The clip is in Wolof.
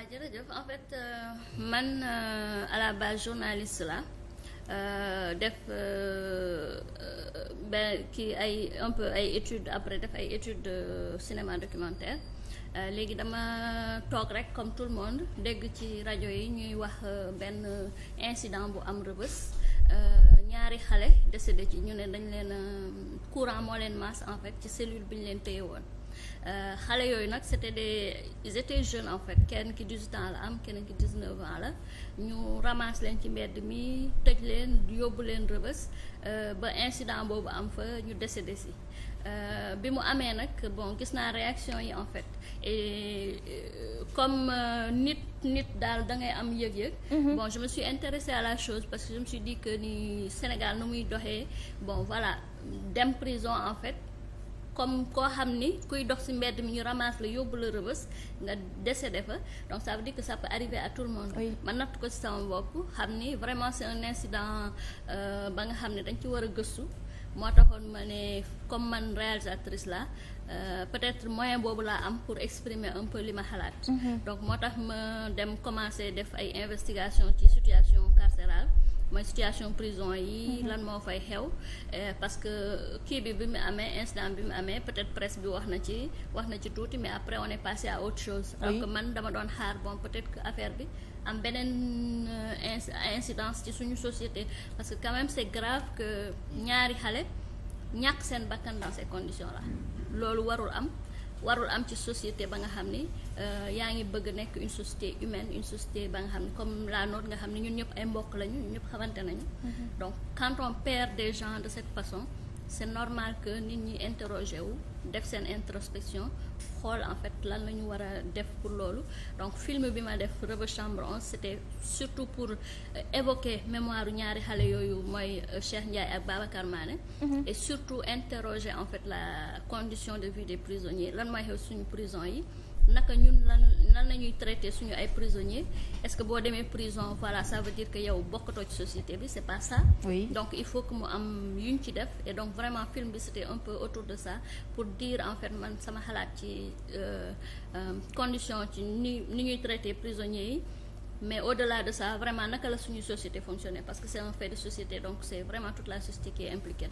waaw euh, jërëjëf en fait euh, man euh, à la base journaliste la euh, def euh, ben kii ay un peu ay études après def ay études de cinéma documentaire léegi dama toog rek comme tout le monde dégg ci rajo yi ñuy wax benn incident bu am rëbës ñaari xale décédé ci ñu ne dañ leen courant moo leen masse en fait ci cellule bi ñu leen téye woon Euh, xale yooyu nag c'était des ils étaient jeunes en fait kenn ki 18 ans la am keneen ki 19 ans la ñu ramasse leen ci mbedd mi tëj leen yóbbu leen rëbës euh, ba incident boobu am fa ñu décédé si euh, bi mu amee nag bon gis naa réaction yi en fait et comme nit nit daal da ngay am yëg-yëg mhm. bon je me suis intéressée à la chose parce que je me suis dit que ni Sénégal nu muy doxee bon voilà dem prison en fait comme koo xam ni kuy dox ci mbedd mi ñu ramasse la yóbbu la rëbës nga décédé fa donc ça veut dire que ça à tout le monde man natt ko ci sama bopp xam ni vraiment c'est un incident euh, ba nga xam ne dañ ci war a gëstu moo taxoon ma ne comme man réalisatrice la euh, peut-être moyen boobu laa am pour exprimer un peu li ma xalaat mhm. donc moo tax ma dem commencer def ay investigation ci situation carcérale mooy situation prison yi. Mhm. lan moo fay xew. Eh, parce que kii bi bi mu amee incident bi mu amee peut-être presse bi wax na ci wax na ci tuuti mais après on est passé à autre chose. donc man dama doon xaar bon peut-être que affaire bi am beneen euh, incidence ci suñu société parce que quand même c'est grave que ñaari xale ñàkk seen bakkan dans ces conditions mhm. loolu warul am. warul am ci société ba nga xam ne euh, yaa ngi bëgg nekk une société humaine une société ba nga xam ne comme la nôtre nga xam ne ñun ñëpp ay mbokk lañu ñu ñëpp xamante nañu mm-hmm. donc quand on des gens de cette façon c' est normal que nit ñi interroger wu def seen introspection xool en fait lan la ñu war a def pour loolu donc film bi ma def Rebeu Chambre 11 c' était surtout pour euh, évoquer mémoire ñaari xale yooyu mooy euh, Cheikh Ndiaye ak Babacar Mané mhm. et surtout interroger en fait la condition de vie des prisonniers lan mooy xew suñu prison yi naka ñun lan nan la ñuy traité suñu ay prisonniers est-ce que boo demee prison voilà ça veut dire que yow bokkatoo ci société bi c'est pas ça. Oui. donc il faut que mu am ñu ci def et donc vraiment film bi c'était un peu autour de ça pour dire en fait man sama xalaat ci euh, euh, condition ci ni ni ñuy traité prisonniers yi. mais au-delà de ça vraiment naka la suñu société fonctionner parce que c'est un fait de société donc c'est vraiment toute la société qui est impliquée